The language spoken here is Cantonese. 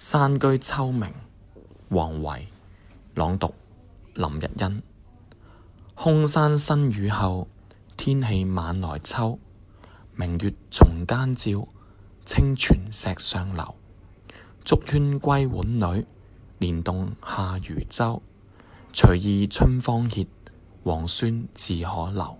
山居秋暝，王維朗讀林日欣。空山新雨後，天氣晚來秋。明月松間照，清泉石上流。竹喧歸浣女，蓮動下漁舟。隨意春芳歇，王孫自可留。